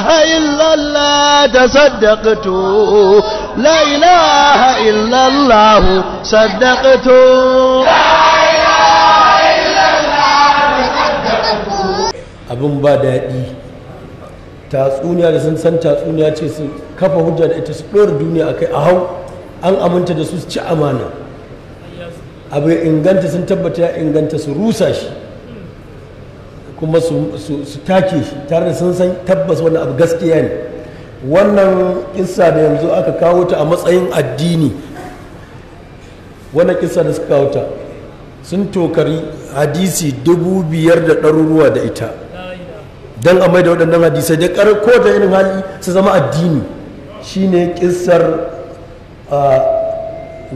إله إلا الله تصدقت لا إله إلا الله صدقت abin ba daɗi tatsuniya da sun san tatsuniya ce su kafa hujja da ita su ɗora duniya a kai a hau an aminta da su ci amana abu inganta sun tabbata ya inganta su rusa shi kuma su take shi tare da sun san tabbas wani abu gaskiya ne wannan kissa da yanzu aka kawo ta a matsayin addini wannan kissa da suka kawo ta sun tokari hadisi dubu biyar da ɗaruruwa da ita don a mai da waɗannan hadisai da ko da irin hali su zama addini shine kissar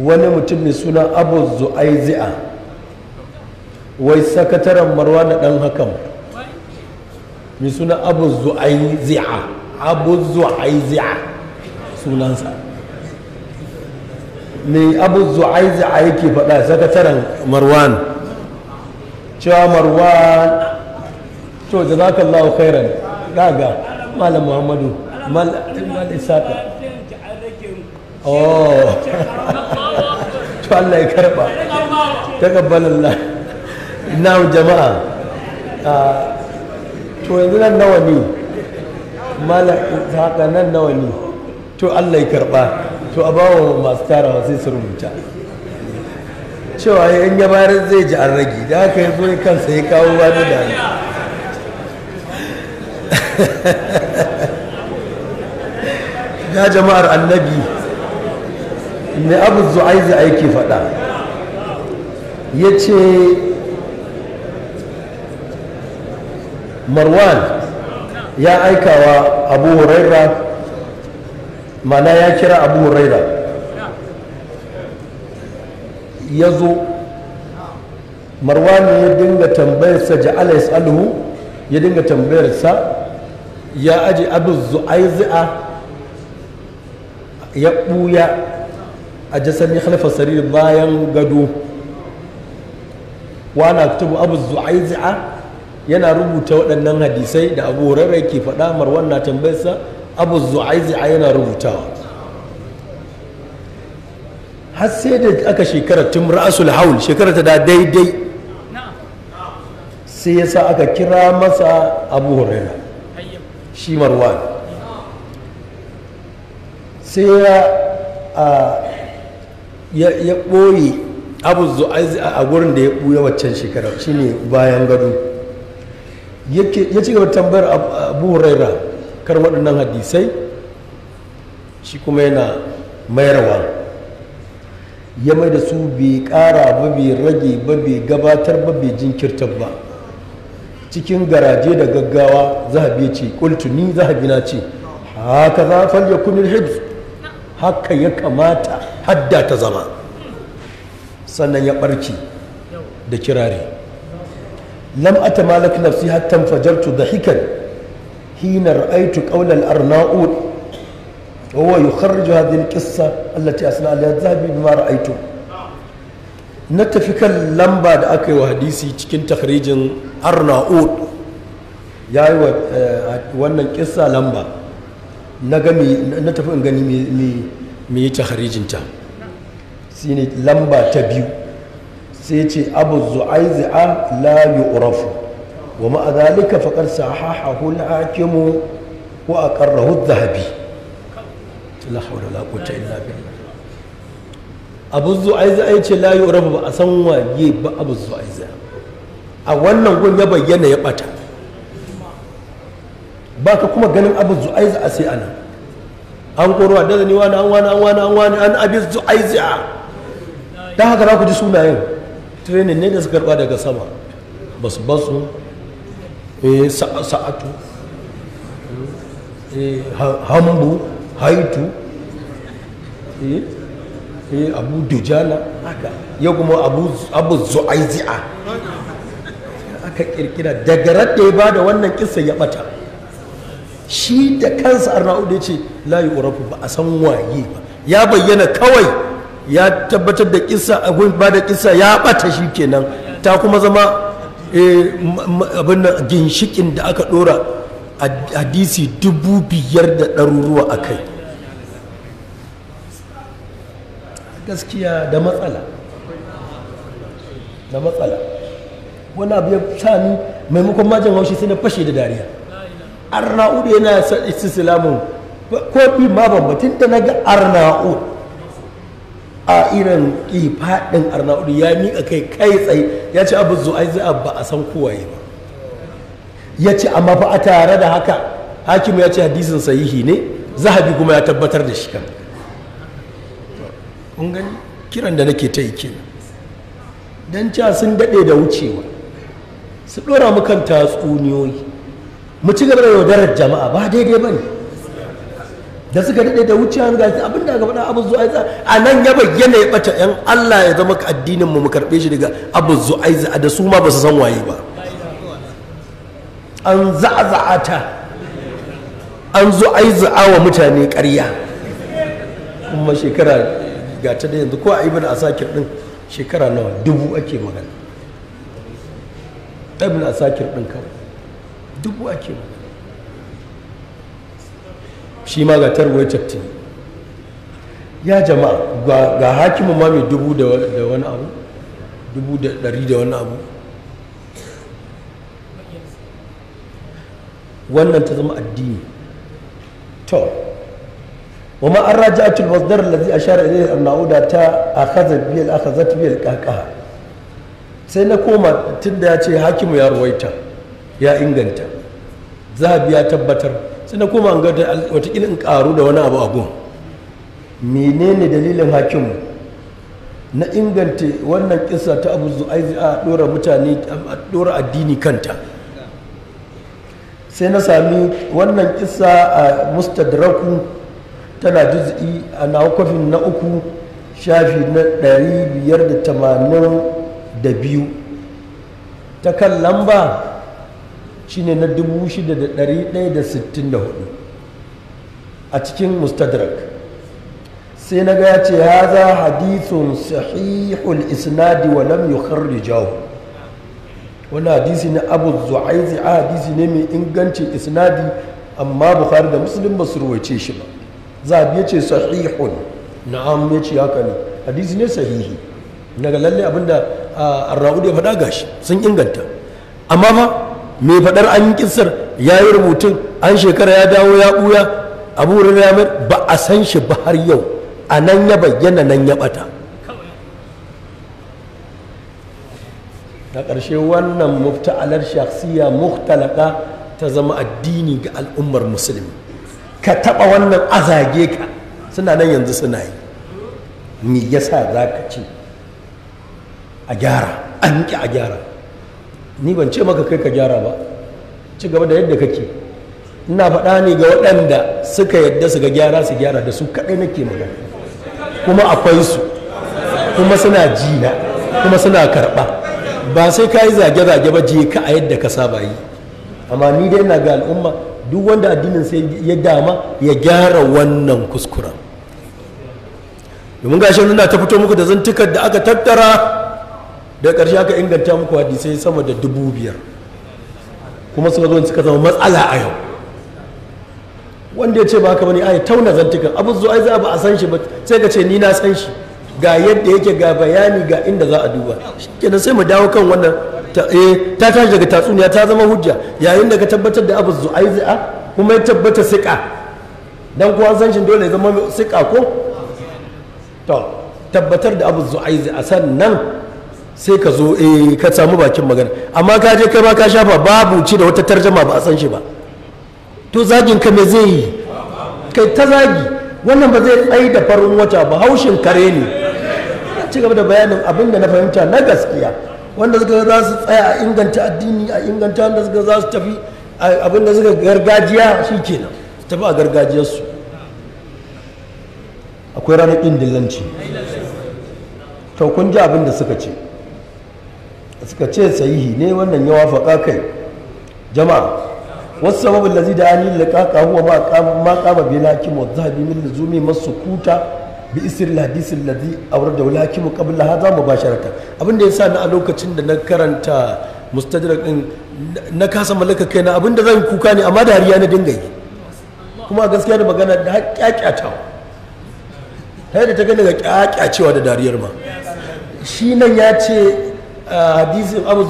wani mutum mai suna abu zu'aizi'a wai sakataren marwa da ɗan hakan mai suna abu zu'ai zi'a abu zu'ai zi'a sunansa mai abu zu'ai zi'a yake faɗa sakataren marwan cewa marwan to jazakallahu khairan daga malam muhammadu malam isaka oh to Allah ya karba takabbalallah na jama'a ah, to yanzu nan nawa ne haka nan nawa ne to allah ya karba to a bawa masu tarawa sai su rubuta cewa yan gabarin zai ji an rage da haka ya zo kansa ya kawo ba da ni ya jama'ar annabi mai abu zu'aizi aiki faɗa ya ce marwan ya aikawa abu huraira mana ya kira abu huraira ya zo marwan ya dinga tambayarsa ja'ala yas'aluhu ya dinga tambayarsa ya aji abu zu'aizi'a ya ɓuya a jasar ya halafa sarari bayan gado wa na abu yana rubuta waɗannan hadisai da abu rarrai ke faɗa marwan na tambayarsa abu zuwa a yana rubutawa har sai da aka shekara tun ra'asul haul shekarar ta da daidai sai ya sa aka kira masa abu huraira shi marwan sai ya ya ɓoye abu zuwa a gurin da ya ɓuya waccan shi shine bayan gado ya ci gaba tambayar abu huraira kar waɗannan hadisai shi kuma yana mayarwa ya mai da su bai ƙara ba bai rage ba bai gabatar ba bai jinkirtar ba cikin garaje da gaggawa zahabi ya ce ƙultu ni zahabi na ce haka za fal ya kunin hibs haka ya kamata hadda ta zama sannan ya ɓarki da kirare lam atamalak nafsi hatta da hikan, hina ra'aytu qawl al-arnaud wa huwa yukharriju hadhihi al-qissa allati asna alaiha dhahabi bima ra'aytu na tafi kan lamba da aka yi wa hadisi cikin takhrijin arnaud ya yi wa wannan kissa lamba na tafi in gani me me yi takhrijinta lamba ta biyu sai ce abu zu'aizi'a la yu'rafu wa ma'a zalika faqad sahahahu al-hakimu wa aqarrahu adh-dhahabi la hawla la quwwata illa billah abu ce la yu'rafu ba a san waye ba abu zu'aizi'a a wannan gun ya bayyana ya bata baka kuma ganin abu zu'aizi'a sai anan an korowa da zani wani an wani an wani an wani an abin zu'aizi'a haka za ku ji sunayen training ne da su karba daga sama ba su ba eh, su sa'atu eh, hambu haitu eh, abu dujana ya kuma abu zu'aizi'a aka kirkira daga radda ya ba da wannan kisa ya bata shi da kansa arna'udu ya ce layi urafu ba a san waye ba ya bayyana kawai ya tabbatar da kisa a ba da kisa ya bata shi kenan ta kuma zama eh, abin ginshikin da aka dora hadisi dubu biyar da ɗaruruwa a kai gaskiya da matsala da matsala wani abu ya sa maimakon majin haushi sai na fashe da dariya arna'ud yana sa silamun ko ma bambatin da na ga arna'ud a irin ifaɗin arnaudu ya miƙa kai kai tsaye ya ce abu zuwa ba a san kowaye ba ya ce amma fa a tare da haka hakimu ya ce hadisin sahihi ne zahabi kuma ya tabbatar da shi kan kun gani kiran da nake ta yi kina dan cewa sun daɗe da wucewa su ɗora mu kan tatsuniyoyi mu ci gaba da yaudarar jama'a ba daidai ba ne da suka daɗe da wuce an gashi abin da gaba faɗa abu zu'aiza a nan ya bayyana ya ɓata yan Allah ya zama ka addinin mu mu karɓe shi daga abu zu'aiza da su ma ba su san waye ba an za'aza'ata an zu'aiza'a wa mutane ƙarya kuma shekara ga ta da yanzu ko a ibn asakir din shekara nawa dubu ake magana ibn asakir din kawai dubu ake magana shi ma ga tarwar cakci ya jama'a ga hakimin ma mai dubu da wani abu dubu da dari da wani abu wannan ta zama addini to wa ma an raja atul lazi a ashara ilai a nauda ta kaza biyar a kaza ta biyar kaka sai na koma tunda ya ce hakimu ya ruwaita ya inganta zahabi ya tabbatar sai na koma ga watakila in karu da wani abu abu menene dalilin hakimu na inganta wannan kisa ta abu zu'aizi a dora mutane a dora addini kanta sai na sami wannan kisa a mustadraku tana juz'i a nawa na uku shafi na biyu ta kan lamba shine na 6164 a cikin mustadrak sai na ga ya ce za hadithun sahihul isnadi wa lam jawo. wani hadisi na abu zu'aizi a hadisi ne mai ingancin isnadi amma bukhari da musulun ba su ruwace shi ba zabi ya ce sahihun Na ya haka ne hadisi ne sahihi daga lalle abinda a raudi ya faɗa gashi sun inganta amma ma mai faɗar an yi ya yi rubutun an shekara ya dawo ya ɓuya abu ramar ba a san shi ba har yau a nan ya bayyana nan ya ɓata a ƙarshe wannan mufta'alar shakhsiya muhtalaka ta zama addini ga al'ummar musulmi ka taɓa wannan azage ka suna nan yanzu suna yi me yasa za ka ce a gyara an ƙi a gyara ni ban ce maka kai ka gyara ba ci gaba da yadda kake ina faɗa ne ga waɗanda suka yadda su ga gyara su gyara da su kaɗai nake magana kuma akwai su kuma suna jina kuma suna karɓa ba sai ka yi zage-zage ba je ka a yadda ka saba yi amma ni dai na ga al'umma duk wanda addinin sai ya dama ya gyara wannan kuskuren domin gashi nuna ta fito muku da zantukar da aka tattara da ƙarshe aka inganta muku hadisai sama da dubu biyar kuma suka zo suka zama matsala a yau wanda ya ce ba bani bane ai tauna zantukan abu zo ai za ba a san shi ba sai ka ce ni na san shi ga yadda yake ga bayani ga inda za a duba kenan sai mu dawo kan wannan eh, ta tashi daga tatsuniya ta zama hujja yayin da ka tabbatar da abu zo ai za kuma ya tabbata siƙa dan kuwa san shi dole ya zama siƙa ko to tabbatar da abu zo ai za sannan sai ka zo eh ka samu bakin magana amma ka je kai ma ka shafa babu ci da wata tarjama ba a san shi ba to zagin ka me zai yi kai ta zagi wannan ba zai tsayi da farin wata ba haushin kare ne ci gaba da bayanin abin da na fahimta na gaskiya wanda suka za su tsaya a inganta addini a inganta wanda suka za su tafi abin da suka gargajiya shi kenan su tafi a gargajiyarsu akwai ranar ƙin dillanci to kun ji abin da suka ce suka ce sahihi ne wannan ya wafaka kai jama'a wasu sababin lazi da an yi laƙa kahuwa ma kama bi lakimu wa zahabi min zumi masu kuta bi isir hadisin lazi a wurin da lakimu kabin za mu basharata abin da ya sa na a lokacin da na karanta mustajrak ɗin na kasa mallaka na abin da zan kuka ne amma dariya na dinga yi kuma gaskiya da magana da kyakkyatawa ta da ta gani ga kyakyacewa da dariyar ma shi nan ya ce hadisin abu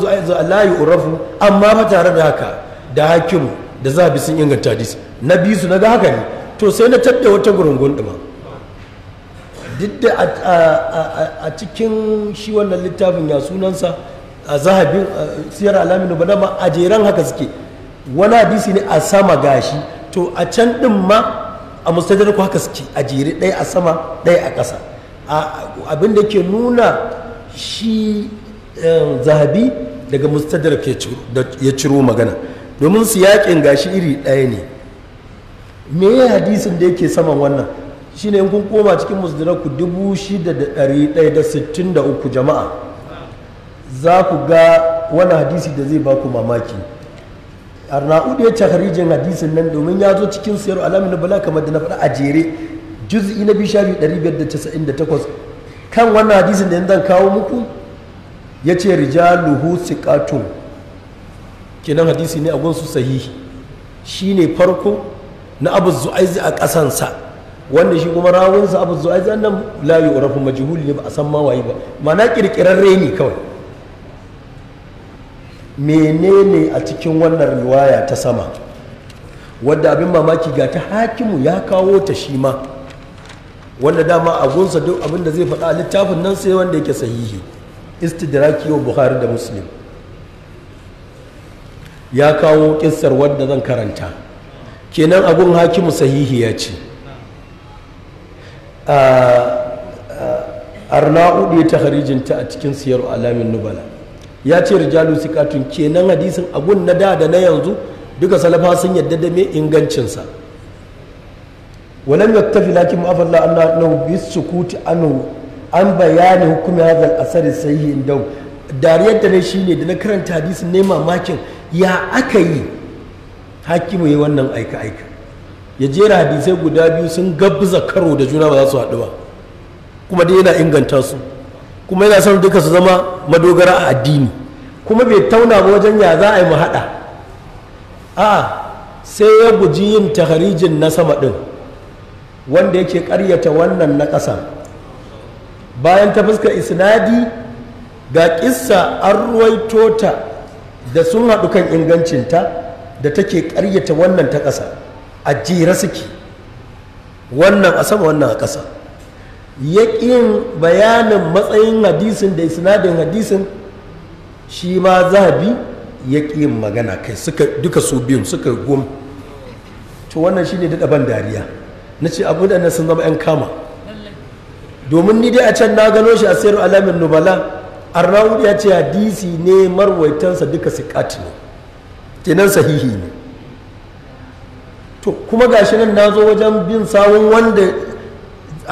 la urafu amma ba tare da haka da hakimu da za bi sun inganta hadisi na biyu su na ga haka ne to sai na tadda wata gurungun ɗuma duk da a cikin shi wannan littafin ya sunansa a zahabin siyar alamin ba ma a jeran haka suke wani hadisi ne a sama gashi to a can ɗin ma a mustajar ku haka suke a jere ɗaya a sama ɗaya a ƙasa abin da ke nuna shi zahabi daga mustadar ya ciro magana domin su yakin gashi iri ɗaya ne me ya hadisin da yake saman wannan shine in kun koma cikin musdiraku dubu shida da ɗari ɗaya da sittin da uku jama'a za ku ga wani hadisi da zai baku mamaki arna'ud ya ce harijin hadisin nan domin ya zo cikin sayar alamun na bala kamar da na faɗa a jere juz'i na biyu shafi ɗari biyar da casa'in da takwas kan wannan hadisin da yanzu zan kawo muku ya ce rijaluhu siqatun kenan hadisi ne a gunsu sahihi shine farko na abu zu'aizi a ƙasansa wanda shi kuma rawunsa abu zu'aizi annan la yu'rafu majhul ne ba a san ma waye ba mana kirkirarre ne kawai menene a cikin wannan riwaya ta sama wadda abin mamaki ga ta hakimu ya kawo ta shi ma wanda dama a gunsa duk abinda zai faɗa littafin nan sai wanda yake sahihi istidraki wa buhari da muslim ya kawo kissar wadda zan karanta kenan abun hakimu sahihi ya ce arna ne ta taharijinta a cikin siyar alamin nubala ya ce rijalu sikatun kenan hadisin abun na da da na yanzu duka salafa sun yadda da mai ingancinsa walam tafi lakin na annahu kuti anhu an bayani hukumi hadal asari sahihi indau dariyar da ne shi ne da na karanta hadisin ne mamakin ya aka yi hakimu yi wannan aika aika ya jera hadisai guda biyu sun gabza karo da juna ba za su haɗu ba kuma dai yana inganta su kuma yana son duka su zama madogara a addini kuma bai tauna ba wajen ya za a yi mu haɗa a sai ya guji yin taharijin na sama ɗin wanda yake ƙaryata wannan na ƙasa bayan ta fuska isnadi ga kissa an ruwaito ta da sun haɗu kan ingancinta da take ƙaryata wannan ta ƙasa a jira suke wannan a sama wannan a ƙasa yaƙin bayanin matsayin hadisin da isnadin hadisin shi ma zahabi ya magana kai duka su biyun suka gom to wannan shine daɗa ban dariya na ce abu da na sun zama 'yan kama domin ni dai a can na gano shi a sayar alamin nubala arnawud ya ce hadisi ne marwaitansa duka sikat ne kenan sahihi ne to kuma gashi nan na zo wajen bin sawun wanda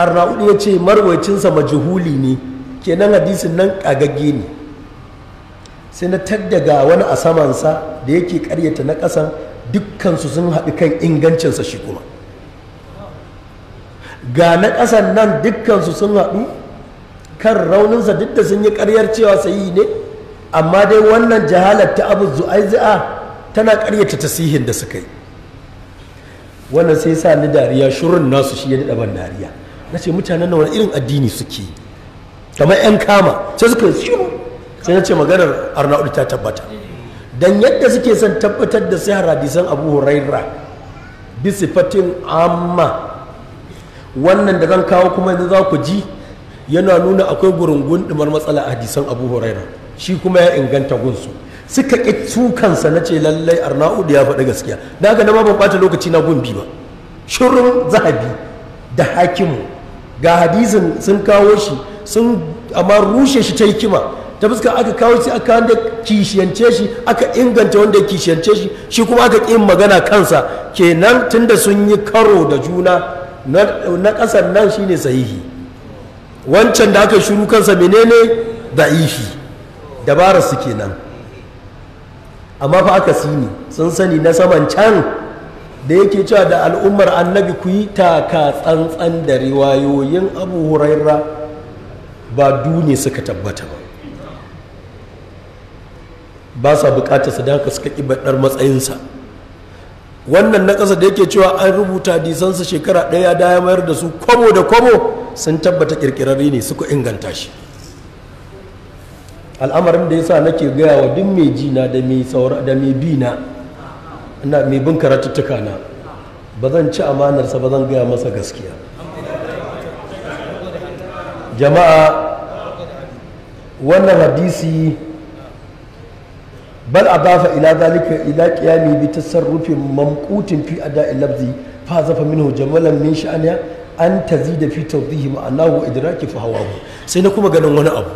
arnawud ya ce marwaicinsa majuhuli ne kenan hadisin nan kagagge ne sai na taddaga wani a samansa da yake karyata na ƙasan dukkansu sun haɗu kan ingancinsa shi kuma ga na ƙasan nan dukkansu sun haɗu kan rauninsa duk da sun yi ƙaryar cewa sayi ne amma dai wannan jahalar ta abu zu'aizi'a tana ƙaryata tasihin da suka yi wannan sai sa ni dariya shirin nasu shi ya daɗa ban dariya na ce mutanen na wani irin addini suke kamar 'yan kama sai suka yi shiru sai na ce maganar arnaud ta tabbata dan yadda suke son tabbatar da sai hadisan abu huraira bisifatin amma wannan da zan kawo kuma yanzu za ku ji yana nuna akwai gurungun ɗumar matsala a hadisan abu huraira shi kuma ya inganta gunsu suka ƙi su na ce lallai arna'ud ya faɗi gaskiya da haka na ma ban ɓata lokaci na gumbi ba shirin zahabi da hakimu ga hadisin sun kawo shi sun amma rushe shi ta hikima ta fuska aka kawo shi aka wanda kishiyance shi aka inganta wanda kishiyance shi shi kuma aka ƙi magana kansa kenan tunda sun yi karo da juna na ƙasan nan shine sahihi wancan da aka shuru kansa menene da'ifi dabarar su kenan amma fa aka sini sun sani na saman can da yake cewa da al'ummar annabi ku yi taka tsantsan da riwayoyin abu huraira ba dune suka tabbata ba ba sa bukatar su da haka suka ƙi baɗar matsayinsa wannan na ƙasa da yake cewa an rubuta disansa shekara ɗaya da ya mayar da su kwabo da kwabo sun tabbata ƙirƙirarri ne suka inganta shi al'amarin da ya yasa nake gaya wa duk mai jina da mai saura da mai bina ina mai bin karatuttuka na ba zan ci amanarsa ba zan gaya masa gaskiya jama'a wannan hadisi bal adafa ila zalika ila qiyami bi tasarrufin mamqutin fi ada'i lafzi fa zafa minhu jamalan min sha'aniya an tazida fi tawdihi ma'anahu wa idraki fa hawahu sai na kuma ganin wani abu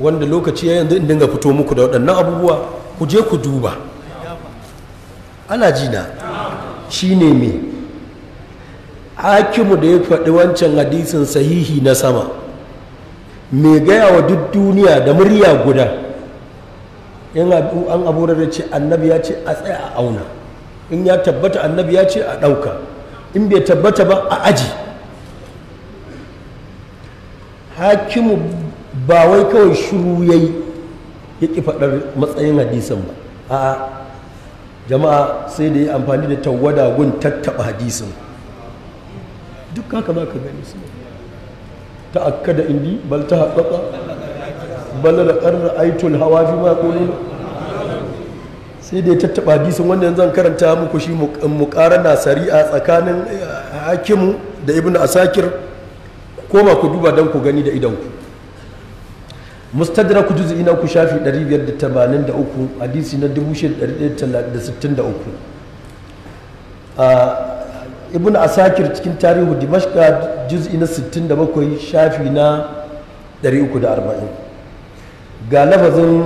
wanda lokaci ya yanzu in dinga fito muku da waɗannan abubuwa ku je ku duba ana jina shine me hakimu da ya faɗi wancan hadisin sahihi na sama Me gaya wa duk duniya da murya guda yan an abu da ce annabi ya ce a tsaya a auna in ya tabbata annabi ya ce a ɗauka in bai tabbata ba a aji hakimu ba wai kawai shiru ya yi ya ƙi faɗar matsayin hadisan ba a jama'a sai da ya amfani da tawada gun tattaɓa hadisan duk haka za ka gani su da indi bal ta balar raqar aitul hawa fi ma yaqulun sai dai ya tattaba hadisin wanda yanzu karanta muku shi na sari'a tsakanin eh, hakimu da ibnu asakir ko ba ku duba dan ku gani da idan ku mustadraku juz'i na ku shafi 583 hadisi na 1663 ibnu asakir cikin tarihu dimashka juz'i na 67 shafi na 340 ga lafazin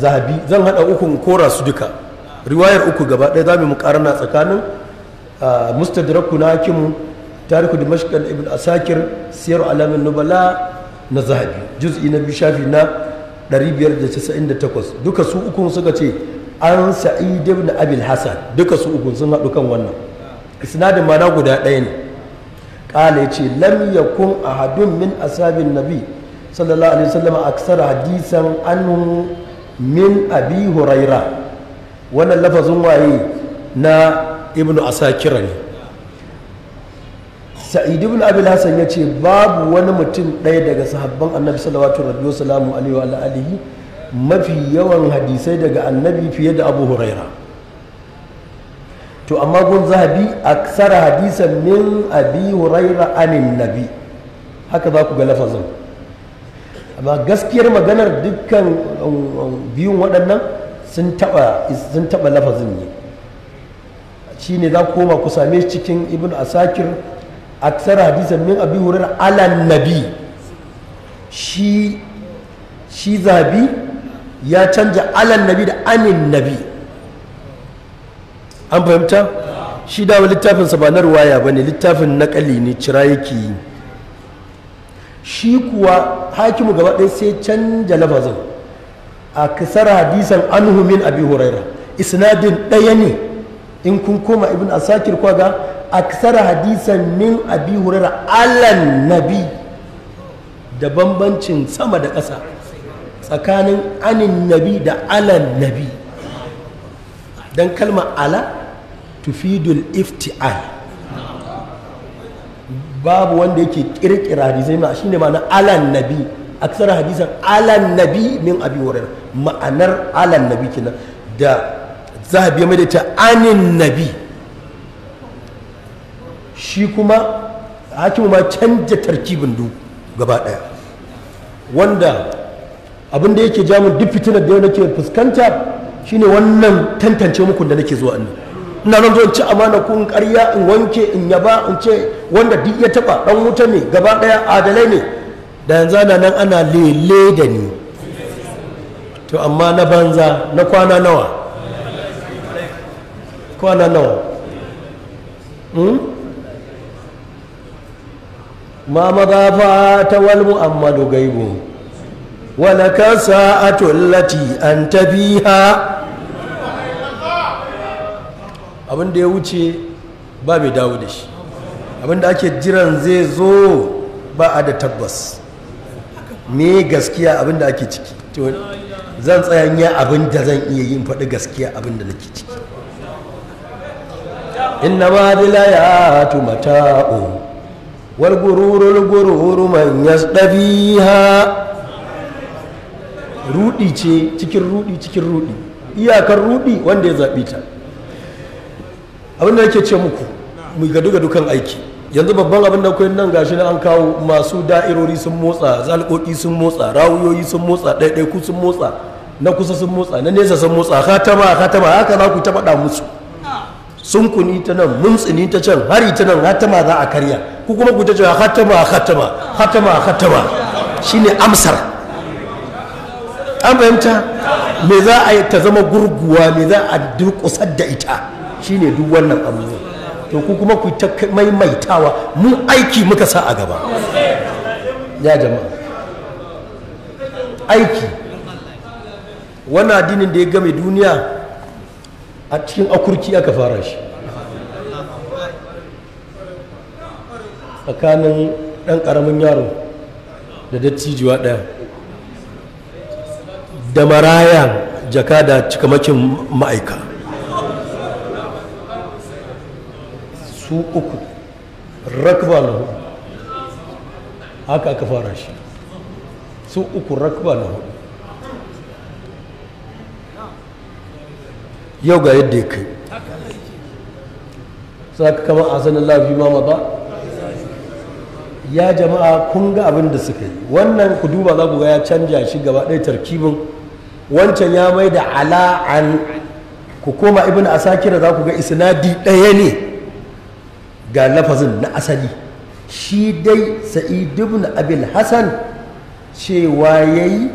zahabi zan hada ukun kora su duka riwayar uku gaba ɗaya za mu na tsakanin mustadraku na hakimu tariku dimashq ibn asakir siyar alamin nubala na zahabi juz'i na biyu shafi na 598 duka su ukun suka ce an sa'id ibn abil hasan duka su ukun sun haɗu kan wannan isnadin mana guda ɗaya ne ƙala ya ce lam yakun ahadun min asabin nabi sallallahu alaihi wasallam aksar hadisan anhu min abi huraira wannan lafazin waye na ibnu asakira ne sa'id ibn abil hasan ya ce babu wani mutum ɗaya daga sahabban annabi sallallahu alaihi wasallam alaihi wa alihi mafi yawan hadisai daga annabi fiye da abu huraira to amma gun zahabi aksara hadisan min abi huraira anin nabi haka za ku ga lafazin amma gaskiyar maganar dukkan um, um, biyun waɗannan sun taɓa lafazin ne shi ne za koma ku same cikin ibn asakir aksar hadisan min abi wurin alan nabi shi zabi ya canja alan nabi da anin nabi an fahimta shi dawa littafinsa ba na ruwaya ba ne littafin nakali ne cira yake yi shi kuwa hakimu gaba ɗaya sai canja lafazin a kasar hadisan anhu min abi huraira isnadin ɗaya ne in kun koma ibn asakir kwa ga kasar hadisan min abi huraira alan nabi da bambancin sama da ƙasa tsakanin anin nabi da alan nabi don kalma ala tufidul ifti'al babu wanda yake kirkira hadisai ma shine ma'ana alan nabi aksar hadisan alan nabi min abi hurairah ma'anar alan nabi kenan da zahabi ya maidaita anin nabi shi kuma hakimu ma canja tarkibin du gaba daya wanda abin da yake jamun duk fitilar da yau nake fuskanta shine wannan tantance muku da nake zuwa annabi ina nan zuwa ci amana kun in ƙarya in wanke in yaba in ce wanda duk ya taba dan wuta ne gaba daya adalai ne da yanzu ana nan ana lele da ni to amma na banza na kwana nawa kwana nawa hmm? ma magafa ta wal mu'ammadu gaibu wa laka sa'atu allati anta biha abin ya wuce ba mai dawo da shi Abinda ake jiran zai zo ba a da tabbas me gaskiya abin ake ciki zan tsayan ya abin zan iya yin faɗi gaskiya abin da nake ciki inna ya tu mata'u wal gururul gururu man yasdabiha rudi ce cikin rudi cikin rudi iyakar rudi wanda ya zaɓi ta abin da yake ce muku mu ga duka dukan aiki yanzu babban abin da kuwa nan gashi na an kawo masu da'irori sun motsa zalƙoƙi sun motsa rawuyoyi sun motsa ɗaiɗaiku sun motsa na kusa sun motsa na nesa sun motsa hatama hatama haka za ku ta faɗa musu sun kuni ta nan mun tsini ta can hari ta nan hatama za a karya ku kuma ku ta cewa hatama hatama hatama hatama shine amsar an fahimta me za a yi ta zama gurguwa me za a durƙusar da ita shine duk wannan abu to ku kuma ku ta maimaitawa mu aiki muka sa a gaba ya jama'a aiki wannan addinin da ya game duniya a cikin akurki aka fara shi tsakanin ɗan ƙaramin yaro da dattijuwa ɗaya da maraya jaka da cikamakin ma'aika su uku rakba hudu haka aka fara shi su uku rakba hudu yau ga yadda ya kai za ka kama a sanin lafi mama ba ya jama'a kun ga abin da suka yi wannan ku duba za ku ga ya canja shi gaba ɗaya tarkibin wancan ya mai da ala'an ku koma ibn asakira za ku ga isnadi ɗaya ne ga lafazin na asali shi dai sa'id ibn abil hasan cewa yayi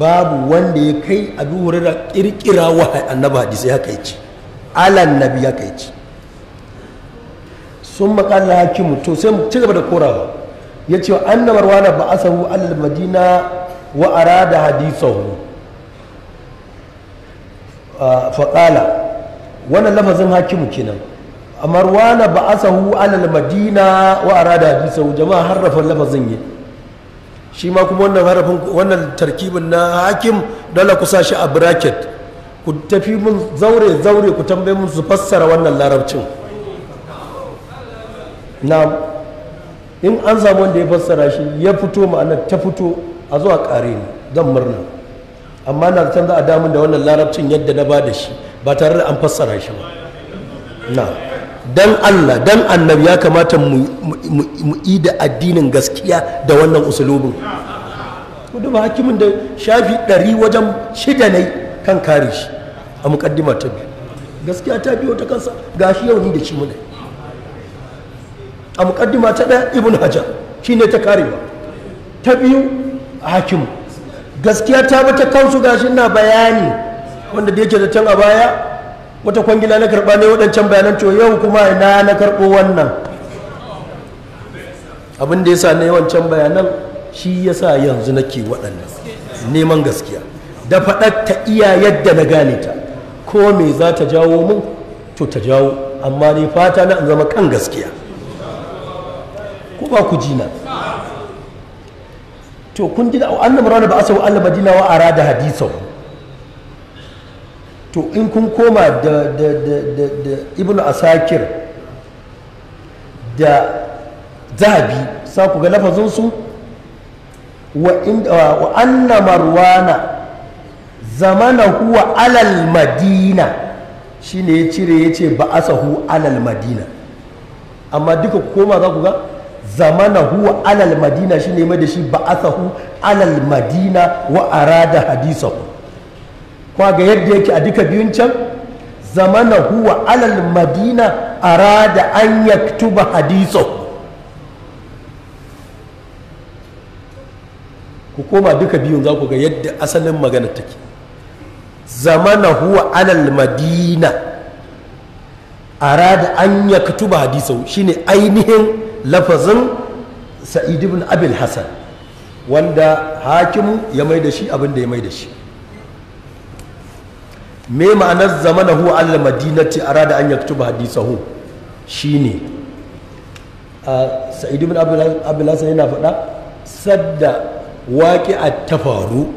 babu wanda ya kai abu hurairah kirkira wa annabi hadisi kai ci alan nabi kai ci sun makalla hakimu to sai mu ci gaba da korawa ya ce wa annabar wani ba asahu alal madina wa arada hadisahu ah, faƙala wannan lafazin hakimu kenan marwana ba a sahu alal madina wa arada bisahu jama'a harrafan lafazin yi shi ma kuma wannan harafin wannan tarkibin na hakim dole kusa shi a bracket ku tafi mun zaure zaure ku tambaye mun su fassara wannan larabcin na in an samu wanda ya fassara shi ya fito ma'ana ta fito a zuwa ƙare ne zan murna amma na canza za a damun da wannan larabcin yadda na ba da shi ba tare da an fassara shi ba na dan Allah dan annabi ya kamata mu yi da addinin gaskiya da wannan usulubin kudu ba hakimin da shafi ɗari wajen shida ne kan kare shi a mukaddima ta biyu gaskiya ta biyo ta kansa gashi yau ni da shi muna a mukaddima ta ɗaya ibn hajar shi ne ta kare ba? ta biyu hakimu gaskiya ta bata kansu gashi na bayani wanda da yake da can a baya wata kwangila na karɓa ne waɗancan bayanan to yau kuma ina na karɓo wannan abin da ya sa ne wancan bayanan shi ya sa yanzu nake waɗannan neman gaskiya da faɗar ta iya yadda na gane ta ko me za ta jawo mun to ta jawo amma ne fata na zama kan gaskiya ko ba ku jina to kun ji da annabi rana ba asawu Allah madina wa arada hadisau. to in kun koma da ibn asakir da zahabi sa ku ga lafazinsu wa anna marwana zamana huwa alal madina shine ya cire ya ce ba asahu alal madina amma duka koma za ku ga zamana huwa alal madina shine mai da shi ba asahu alal madina wa arada hadisahu kwa ga yadda yake a duka biyun can zamana huwa alal madina arada an yaktuba hadiso ku koma duka biyun za ku ga yadda asalin magana take zamana huwa alal madina arada an yaktuba hadiso shine ainihin lafazin sa'id ibn abil hasan wanda hakimu ya mai da shi abin da ya mai da shi me ma'anar zama zamanahu alal madinati arada an hu shi shine a sa'idu bin abdulhasan yana faɗa sadda waƙi a ta faru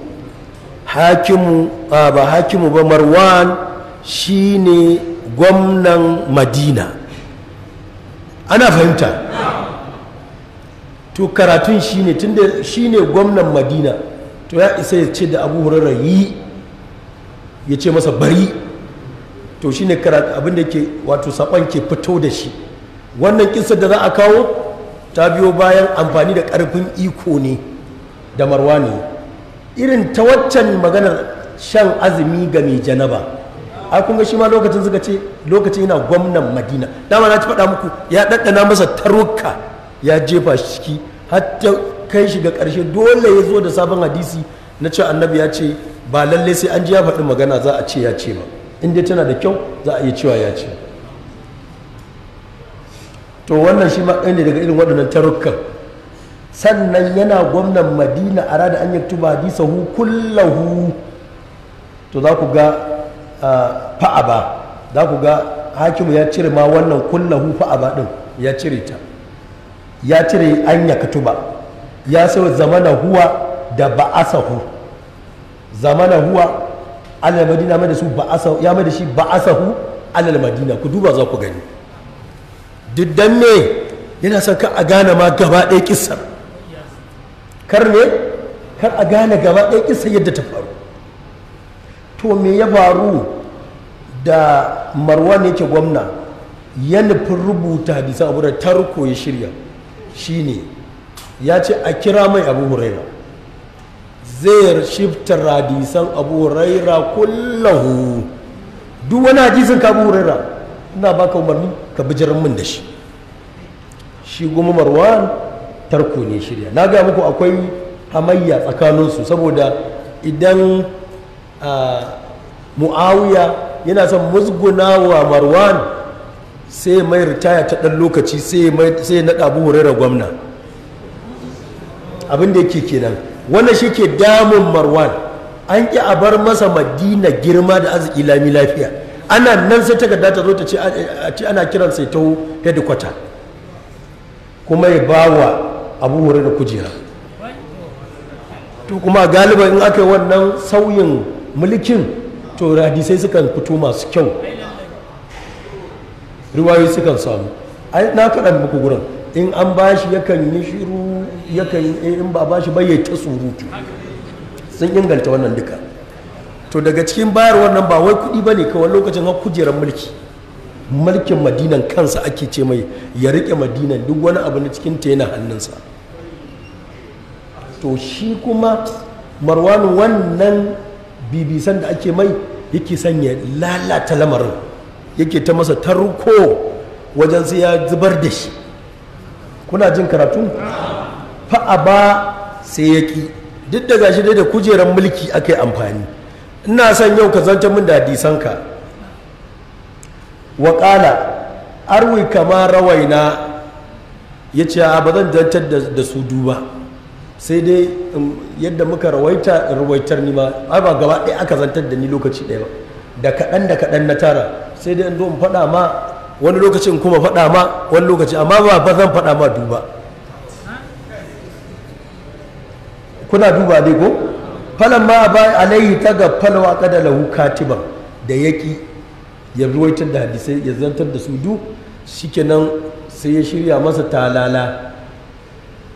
hakimu ba hakimu ba marwan shine gwamnan madina ana fahimta to karatun shine tunda ne gwamnan madina to ya isa ya ce da abu hurarra yi ya ce masa bari to shi ne abin da ke wato saƙon ke fito da shi wannan kisar da za a kawo ta biyo bayan amfani da karfin iko ne da marwa ne irin ta waccan maganar shan azumi ga mai janaba a kun ga shi ma lokacin suka ce lokacin yana gwamnan madina dama na ci faɗa muku ya ɗaɗɗana masa tarukka ya jefa shi ciki har ta kai shi ga ƙarshe dole ya zo da sabon hadisi na ce annabi ya ce ba lalle sai an ji ya faɗi magana za a ce ya ce ba in dai tana da kyau za a iya cewa ya ce to wannan shi ma ɗaya ne daga irin waɗannan tarukan sannan yana gwamnan madina a rada an yaktu ba hadisahu kullahu to za ku ga fa'aba za ku ga hakimu ya cire ma wannan kullahu fa'aba ɗin ya cire ta ya cire an yaktu ba ya sai zamana huwa da ba'asahu zamana huwa alal madina mai da su ba'asa ya mai da shi ba'asahu alal madina ku duba za ku gani duk dan me yana son kar a gane ma gaba ɗaya kissar kar ne kar a gane gaba ɗaya kissar yadda ta faru to me ya faru da marwa ne ke gwamna ya nufin rubuta bisa abu da tarko ya shirya shine ya ce a kira mai abu huraira zayar shifta radisan abu ra'ira kullahu duk wani hadisin ka abu huraira ina baka umarni ka bijirin min da shi shi goma marwan tarko ne shirya na ga muku akwai hamayya tsakaninsu saboda idan mu'awiya yana son musguna wa marwan sai mai ritaya ta ɗan lokaci sai ya naɗa abu raira gwamna abin da yake kenan wannan shi ke damun marwan an ƙi a bar masa madina girma da arziki lami lafiya ana nan sai ta gada ta zo ta ce ana kiran sai ta hedikwata kuma ya ba wa abu da kujera to kuma galiban in aka yi wannan sauyin mulkin to radisai sukan fito masu kyau riwayoyi sukan samu ai na kaɗan muku gurin in an ba shi yakan yi shiru yakan in ba bashi ba ya ta surutu sun inganta wannan duka to daga cikin bayarwar nan ba wai kuɗi ba ne kawai lokacin har kujerar mulki mulkin madinan kansa ake ce mai ya rike madinan duk wani abu na cikin ta yana hannunsa to shi kuma marwanu wannan bibisan da ake mai yake sanya lalata lamarin yake ta masa tarko wajen sai ya zubar da shi kuna jin karatu ba sai ya ƙi duk da gashi dai da kujerar mulki aka amfani ina son yau ka zance min da ka wa ƙala arwi kama rawaina ya ce ba zan zantar da su duba sai dai um, yadda muka rawaita rawaitar ni ma ai ba gaba ɗaya aka zantar da ni lokaci ɗaya ba da kaɗan da kaɗan na tara sai dai in zo in faɗa ma wani lokacin kuma faɗa ma wani lokaci amma ba zan faɗa ma duba kuna duba dai ko falan ma ba alaihi ta ga falwa kada lahu katiban da yaki ya ruwaitar da hadisai ya zantar da su duk shikenan sai ya shirya masa talala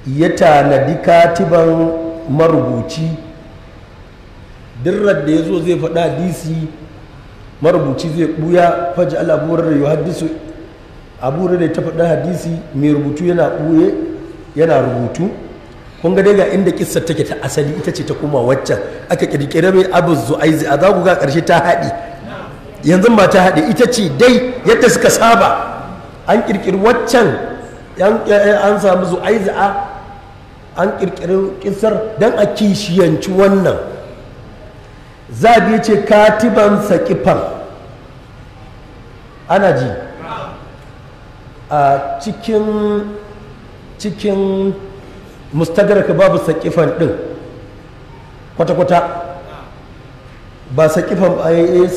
ya tanadi katiban marubuci dirrar da ya zo zai faɗa hadisi marubuci zai ɓuya faji al'abuwar da ya hadisu abu da ta faɗa hadisi mai rubutu yana ɓuye yana rubutu kun ga daga inda kisar take ta asali ita ce ta kuma waccan aka kirkira mai abu zu'aizi a za ku ga karshe ta haɗe yanzu ba ta haɗe ita ce dai yadda suka saba an kirkiri waccan an samu zu'aizi a an kirkiri kissar don a kishiyanci wannan za zabi ce katiban saƙifan ana ji a cikin cikin mustadrak babu saƙifan ɗin kwata-kwata ba saƙifan eh,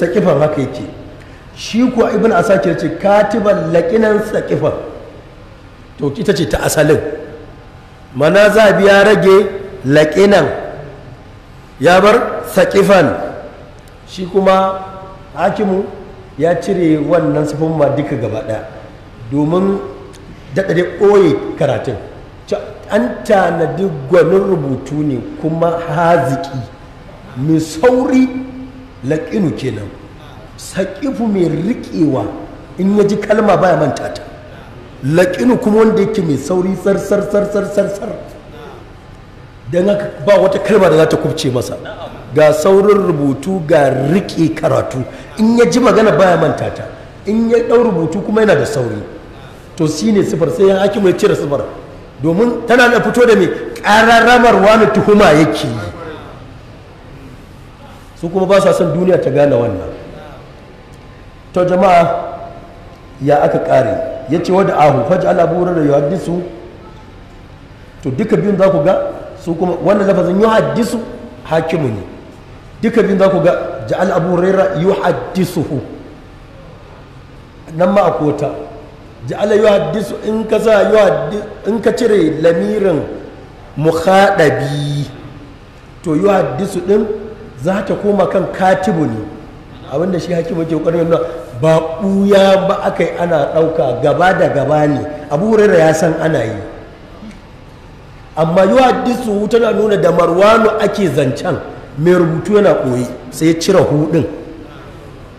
haka yake shi kuwa ibn asakir ce katiban laƙinan saƙifan to ita ce ta asalin mana zabi ya rage laƙinan ya bar saƙifan shi kuma hakimu ya cire wannan sufin ma duka gaba ɗaya domin daɗaɗe ɓoye karatun an tanadi gwanin rubutu ne kuma haziki mai sauri laƙinu kenan saƙifu mai riƙewa in ya ji kalma baya manta ta laƙinu kuma wanda yake mai sauri sar-sar-sar, don haka ba wata kalma da za ta kubce masa ga saurin rubutu ga riƙe karatu in ya ji magana baya manta ta in ya ɗau rubutu kuma yana da sauri to ne sifar sai ya hakimu ya cire sifar domin tana da fito da mai ƙararramar wani tuhuma yake yi su kuma ba su son duniya ta gane wannan to jama'a ya aka ƙare ya ce wadda ahu faji ala burar da yuhaddisu to duka biyun za ku ga su kuma wannan lafazin yuhaddisu hakimu ne duka biyun za ku ga ja'al abu hurairah hu nan ma kota ja'ala yuhaddisu in ka sa in ka cire lamirin mukhadabi to yuhaddisu ɗin za ta koma kan katibu ne abinda shi haƙi ke kokarin nuna ba ɓuya ba aka yi ana ɗauka gaba da gaba ne abu hurairu ya san ana yi amma yuhaddisu tana nuna da marwanu ake zancen mai rubutu yana ɓoye sai ya cire hudun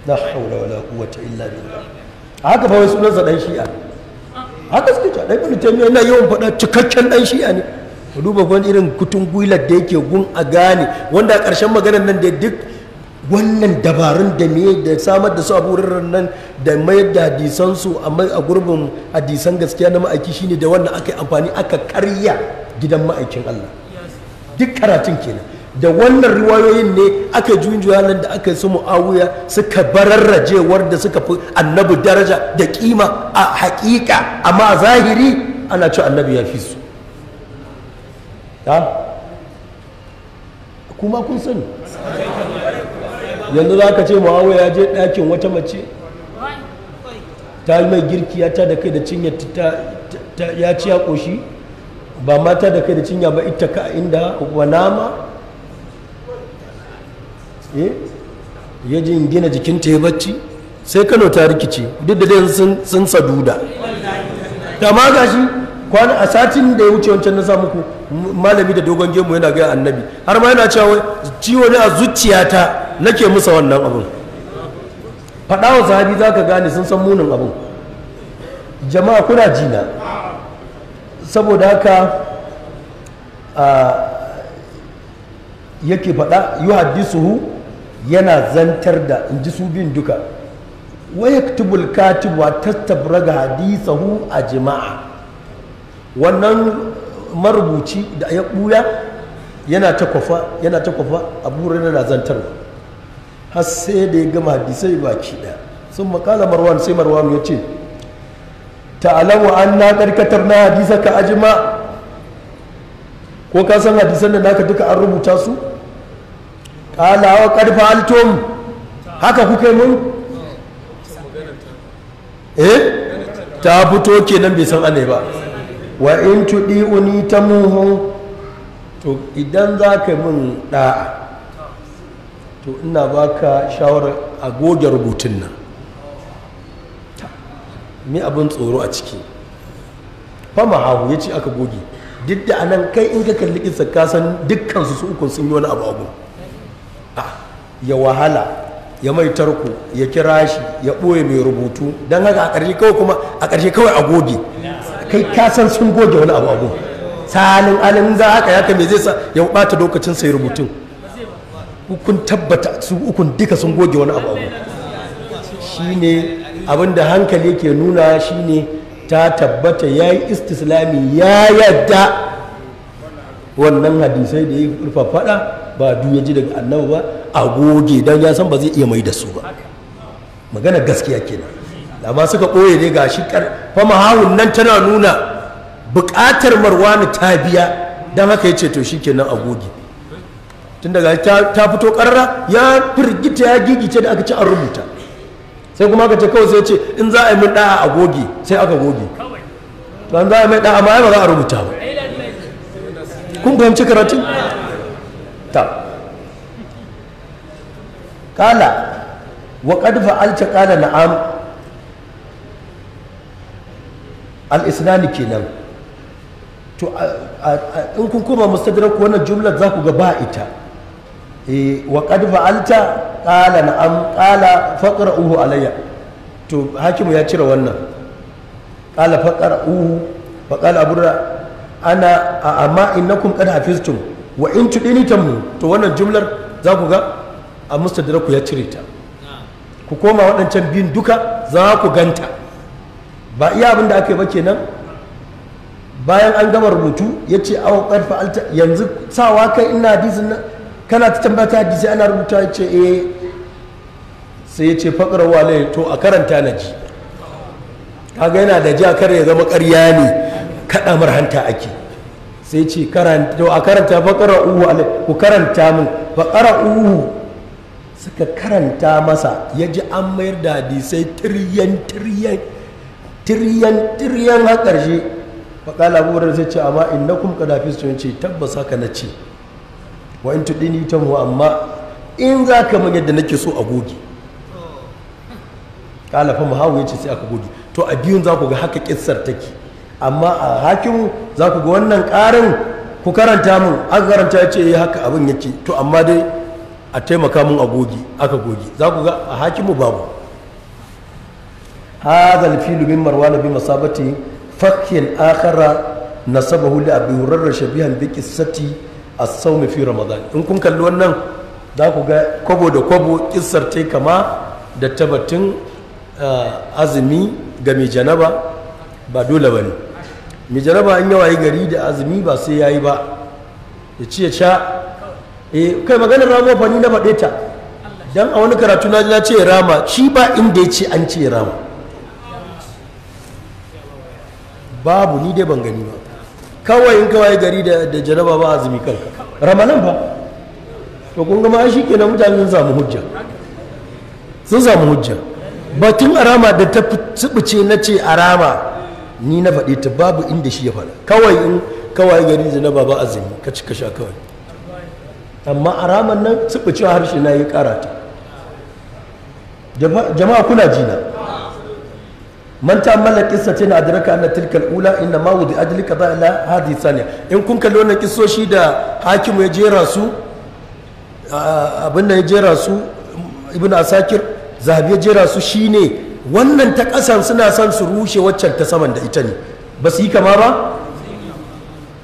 la haula wala quwwata illa billah haka fa wasu sunansa dan shi'a haka suke cewa ibnu taymiya yana yawan faɗa cikakken dan shi'a ne ku duba wani irin kutun gwilar da yake gun a gane wanda a ƙarshen maganar nan da duk wannan dabarun da me da samar da su a nan da mayar da hadisan su a gurbin hadisan gaskiya na ma'aiki shine da wannan aka amfani aka karya gidan ma'aikin Allah duk karatun kenan da wannan riwayoyin ne aka junjuya nan da aka su mu'awuya suka bararrajewar da suka fi annabi daraja da kima a haƙiƙa amma a zahiri ana ci annabi ya fi su kuma kun sani yanzu za ka ce mu'awuya ya je ɗakin wata mace ta yi mai girki ya ta da kai da cinya ya ci ya ƙoshi ba mata da kai da cinya ba ita ka inda wa nama Eh? ya ji gina jikin ta ya bacci sai kano ta rikice duk da dai sun saduda da ma shi kwana a satin da ya wuce wancan na samu malami da dogon gemu yana gaya annabi har ma yana cewa ciwo ne a zuciyata nake musa wannan abin faɗa wa sahabi za ka gane sun san munin abin jama'a kuna jina saboda haka yake faɗa yi haddisuhu yana zantar da in ji su bin duka waya yaktubul katib wa ga hadisahu a jima'a wannan marubuci da ya buya yana ta kwafa yana ta kwafa abu na zantarwa har sai da ya gama hadisai baki ɗaya sun makala marwan sai marwan ya ce ta'alamu an na karkatar na hadisa ka ajima ko ka san hadisan da naka duka an rubuta su ƙala wa ƙarfa haka kuke mun eh ta fito kenan bai san ane ba wa in tuɗi uni ta muhu to idan za ka mun ɗa'a to ina baka shawarar a goge rubutun nan mi abin tsoro a ciki fama hahu ya ce aka goge duk da anan kai in ka kalli kisa kasan dukkan su ukun sun yi wani abu abu ya wahala ya mai tarko ya kira shi ya ɓoye mai rubutu don haka a ƙarshe kawai kuma a ƙarshe kawai a goge kai kasan san sun goge wani abu abu salin alin za haka yaka me zai sa ya ɓata lokacin sai rubutun hukun tabbata su ukun duka sun goge wani abu abu shine abinda hankali yake nuna shine ta tabbata ya yi istislami ya yadda wannan hadisai da ya yi faɗa ba duk ya ji daga annabi ba a goge don ya san ba zai iya mai da su ba magana gaskiya kenan ba suka ɓoye ne ga shi fama hawun nan tana nuna buƙatar marwani ta biya don haka ya ce to shi kenan a goge tun daga ta fito ƙarra ya firgita ya gigice da aka ci an rubuta sai kuma aka ce kawai sai ce in za a yi min ɗa'a a goge sai aka goge ba za a yi mai ɗa'a ma ba za a rubuta ba kun fahimci karatun ta kala wa qad fa'alta ƙala na'am al-isnani kenan to in kun koma mustadrak wannan jumlar za ku ga ba ita eh, wa qad fa'alta ƙala na'am qala faqra'uhu alayya to hakimu ya cire wannan qala faqra'uhu fa qala aburra ana amma innakum qad hafiztum wa in tudinitum to wannan jumlar za ku ga a mustadraku ya cire ta ku koma waɗancan biyun duka za ku ganta ba iya abin da aka yi ba kenan bayan an gama rubutu ya ce awa ƙarfa alta yanzu sawa kai ina hadisin nan kana ta tambata hadisi ana rubuta ya ce eh sai ya ce faƙar wale to a karanta na ji kaga yana da ji a kare ya zama ƙarya ne kaɗa mar hanta ake sai ce karanta a karanta faƙara uhu ku karanta min bakara uwu suka karanta masa ya ji an mayar da hadisai tiriyan tiriyan tiriyan tiriyan a ƙarshe faƙala abubuwar sai ce amma inna kuma kadafi su ce tabbas haka na ce wa in ni ta mu amma in za ka mun yadda nake so a goge ƙalafa mu hawo ya ce sai aka goge to a biyun za ku ga haka ƙissar take amma a hakimu za ku ga wannan ƙarin ku karanta min aka karanta ya ce eh, haka abin yake to amma dai a taimaka min a gogi aka gogi za ku ga a hakimu babu hadha alfilu min marwan bi masabati fakhin akhara nasabahu li abi hurrar shabihan bi qissati as-sawm fi in kun kalli wannan za ku ga kobo da kwabo kissar tai kama da tabbatin ah, azumi ga mai janaba ba dole ba ne mai jaraba yawa yawaye gari da azumi ba sai ya yi ba ya ci ya sha eh kai magana na fa ni na faɗe ta Don a wani karatu na na ce rama shi ba inda ya ce an ce rama babu ni dai ban gani ba kawai in kawai gari da jaraba ba azumi kanka ramanan ba to kun gama shi kenan mutane sun samu hujja sun samu hujja batun arama da ta tsibice na ce arama ni na faɗi ta babu inda shi ya faɗa kawai in kawai gari da na baba azumi ka ci ka sha kawai amma a ramar nan cewa harshe na yi ƙara ta jama'a kuna jina Manta ta mallaka kissa tana adraka anna tilka ula inna ma wudi za kaza ila hadi thaniya in kun kalli wannan kissoshi da hakimu ya jera su abin da ya jera su ibnu asakir zahabi ya jera su shine wannan ta ƙasar suna son su rushe waccan ta saman da ita ne ba su yi kama ba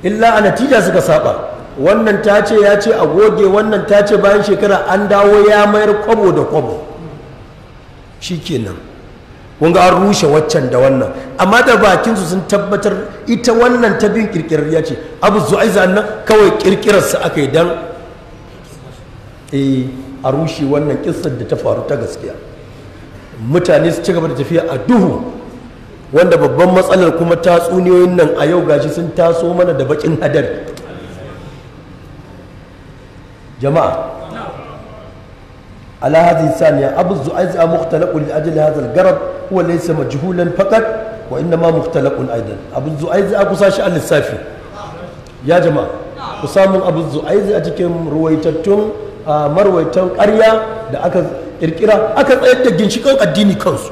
illa a natija suka saba wannan ta ce ya ce a goge wannan ta ce bayan shekara an dawo ya mayar kwabo da kwabo shi kenan kun ga an rushe waccan da wannan amma da bakinsu sun tabbatar ita wannan ta bin kirkirar ya ce abu zuwai nan kawai su aka yi don eh, a rushe wannan kissar da ta faru ta gaskiya mutane su ci gaba da tafiya a duhu wanda babban matsalar kuma tatsuniyoyin nan a yau gashi sun taso mana da bakin hadari jama'a ala hadhihi thaniya abu zu'aiz mukhtalaqun li ajli hadha al-garad huwa laysa majhulan faqat wa ma innama mukhtalaqun aidan abu zu'aiz aku shi a lissafi ya jama'a ku samun abu zu'aiz a cikin ruwaitattun marwaitan ƙarya da aka kirkira aka tsayar da ginshikan addini kansu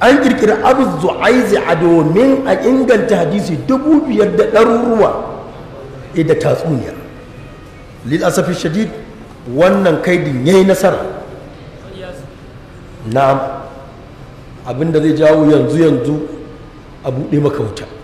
an kirkira abu zu'aizi a domin a inganta hadisi dubu biyar da ɗaruruwa eh, da tatsuniya lil asafi shadid wannan kaidin ya yi nasara na abinda zai jawo yanzu yanzu a buɗe maka wuta